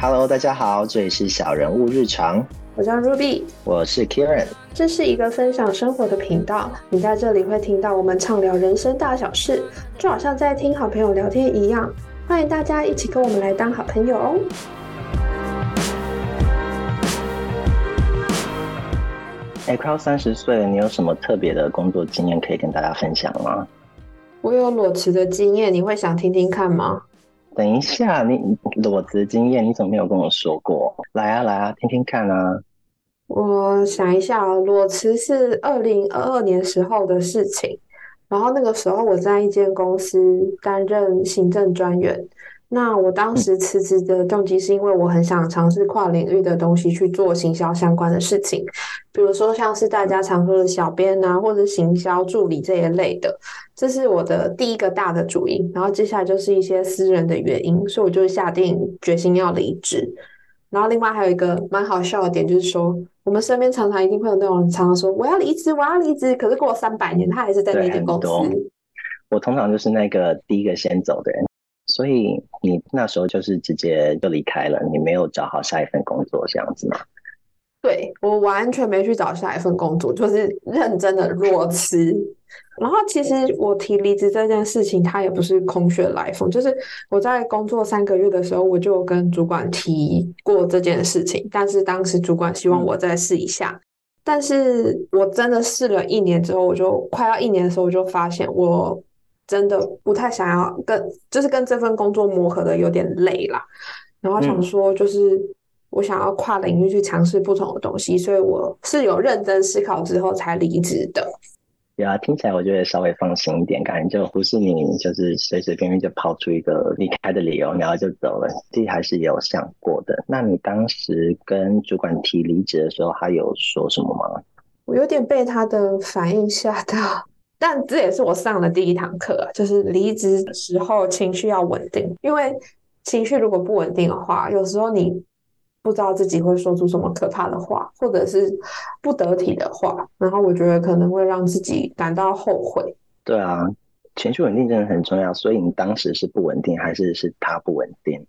Hello，大家好，這裡是小人物日常。我叫 Ruby，我是 Karen。這是一個分享生活的頻道，你在這裡會聽到我們暢聊人生大小事，就好像在聽好朋友聊天一樣。歡迎大家一起跟我們來當好朋友哦。哎、欸，快要三十歲了，你有什麼特別的工作經驗可以跟大家分享嗎？我有裸辭的經驗，你會想聽聽看嗎？等一下，你裸辭經驗，你怎麼沒有跟我說過？來啊，來啊，聽聽看啊！我想一下，裸辭是二零二二年時候的事情，然後那個時候我在一間公司擔任行政專員。那我當時辭職的動機是因為我很想嘗試跨領域的東西，去做行銷相關的事情，比如說像是大家常說的小編啊，或者行銷助理這一類的，這是我的第一個大的主因。然後接下來就是一些私人的原因，所以我就下定決心要離職。然後另外還有一個蠻好笑的點就是說，我們身邊常常一定會有那種人常常說我要離職，我要離職，可是過三百年他還是在那間公司。我通常就是那個第一個先走的人。所以你那時候就是直接就離開了，你沒有找好下一份工作這樣子嗎？對，我完全沒去找下一份工作，就是認真的裸辭。 然後其實我提離職這件事情，它也不是空穴來風。就是我在工作三個月的時候，我就跟主管提過這件事情，但是當時主管希望我再試一下。嗯、但是我真的試了一年之後，我就快要一年的時候，我就發現我，真的不太想要跟，就是跟這份工作磨合的有點累了，然後想說，就是我想要跨領域去嘗試不同的東西，嗯，所以我是有認真思考之後才離職的。對啊，聽起來我就會稍微放心一點，感覺就不是你就是隨隨便便就拋出一個離開的理由，然後就走了，自己還是有想過的。那你當時跟主管提離職的時候，他有說什麼嗎？我有點被他的反應嚇到。但這也是我上的第一堂課，就是離職時候情緒要穩定，因為情緒如果不穩定的話，有時候你不知道自己會說出什麼可怕的話，或者是不得體的話，然後我覺得可能會讓自己感到後悔。對啊，情緒穩定真的很重要。所以你當時是不穩定，還是是他不穩定？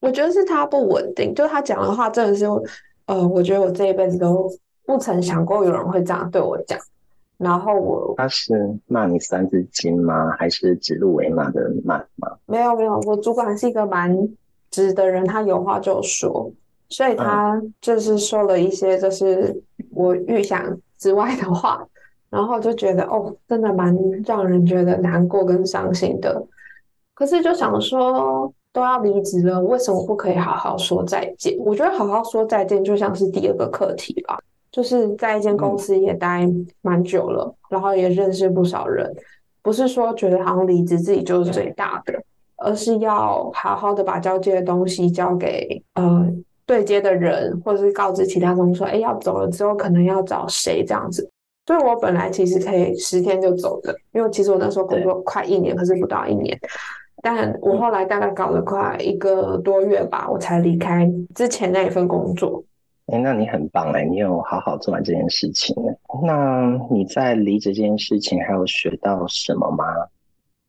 我覺得是他不穩定，就他講的話真的是，呃，我覺得我這一輩子都不曾想過有人會這樣對我講。然後我，他是罵你三字經嗎？還是指鹿為馬的罵嗎？沒有沒有，我主管是一個蠻直的人，他有話就說，所以他就是說了一些就是我預想之外的話，然後就覺得哦，真的蠻讓人覺得難過跟傷心的。可是就想說，都要離職了，為什麼不可以好好說再見？我覺得好好說再見就像是第二個課題吧。就是在一間公司也待蠻久了，嗯、然後也認識不少人，不是說覺得好像離職自己就是最大的，嗯、而是要好好的把交接的東西交給呃對接的人，或者是告知其他同事說，哎，要走了之後可能要找誰這樣子。所以我本來其實可以十天就走的，因為其實我那時候工作快一年，對可是不到一年，但我後來大概搞了快一個多月吧，嗯、我才離開之前那一份工作。那你很棒。欸，你有好好做完這件事情。那你在離職這件事情還有學到什麼嗎？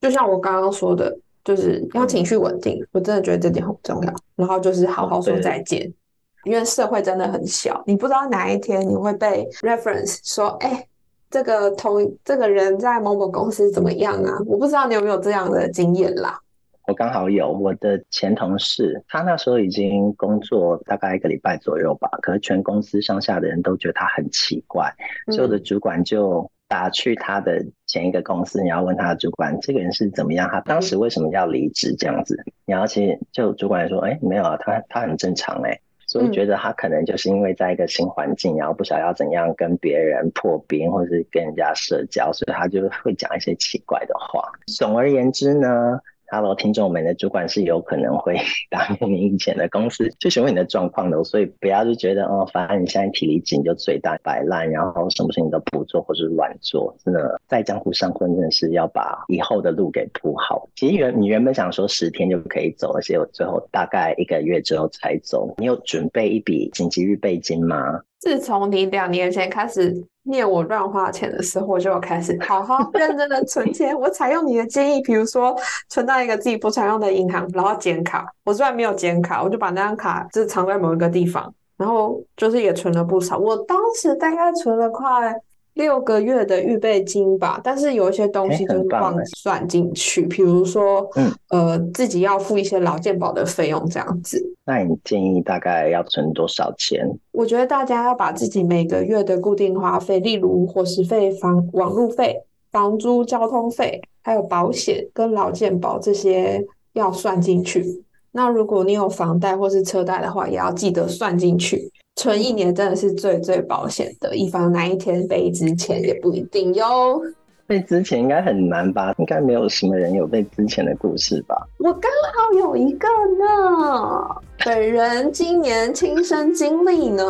就像我剛剛說的，就是要情緒穩定，嗯、我真的覺得這點很重要。然後就是好好說再見，哦、因為社會真的很小，你不知道哪一天你會被 reference 說，哎、欸，這個同這個人在某某公司怎麼樣啊？我不知道你有沒有這樣的經驗啦。我剛好有我的前同事，他那時候已經工作大概一個禮拜左右吧，可是全公司上下的人都覺得他很奇怪，所以我的主管就打去他的前一個公司，然後問他的主管這個人是怎麼樣，他當時為什麼要離職這樣子？然後其實就主管說：“誒，沒有啊，他他很正常誒。”所以我覺得他可能就是因為在一個新環境，然後不曉得要怎樣跟別人破冰，或者是跟人家社交，所以他就會講一些奇怪的話。總而言之呢。Hello，聽眾們，你的主管是有可能會打給你以前的公司，去詢問你的狀況的，所以不要就覺得哦，反正你現在體力緊就最大擺爛，然後什麼事情都不做或是亂做，真的在江湖上混，真的是要把以後的路給鋪好。其實原你原本想說十天就可以走，而且我最後大概一個月之後才走。你有準備一筆緊急預備金嗎？自從你兩年前開始。念我亂花錢的時候，我就開始好好認真的存錢。 我採用你的建議，比如說存到一個自己不常用的銀行，然後剪卡。我雖然沒有剪卡，我就把那張卡就是藏在某一個地方，然後就是也存了不少。我當時大概存了快。六個月的預備金吧，但是有一些東西就是忘算進去，欸、比如說，嗯、呃，自己要付一些勞健保的費用這樣子。那你建議大概要存多少錢？我覺得大家要把自己每個月的固定花費，嗯、例如伙食費、房網路費、房租、交通費，還有保險跟勞健保這些要算進去。那如果你有房貸或是車貸的話，也要記得算進去。存一年真的是最最保險的，以防哪一天被資遣也不一定喲。被資遣應該很難吧？應該沒有什麼人有被資遣的故事吧？我剛好有一個呢，本人今年親身經歷呢。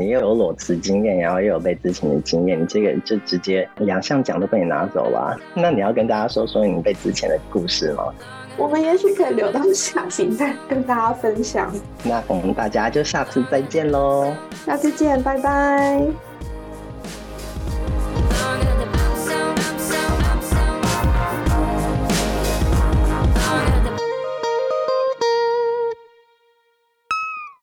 你又有裸辭經驗，然後又有被資遣的經驗，你這個就直接兩項獎都被你拿走了啊。那你要跟大家說說你被資遣的故事嗎？我們也許可以留到下集再跟大家分享。那我們大家就下次再見嘍！下次見，拜拜。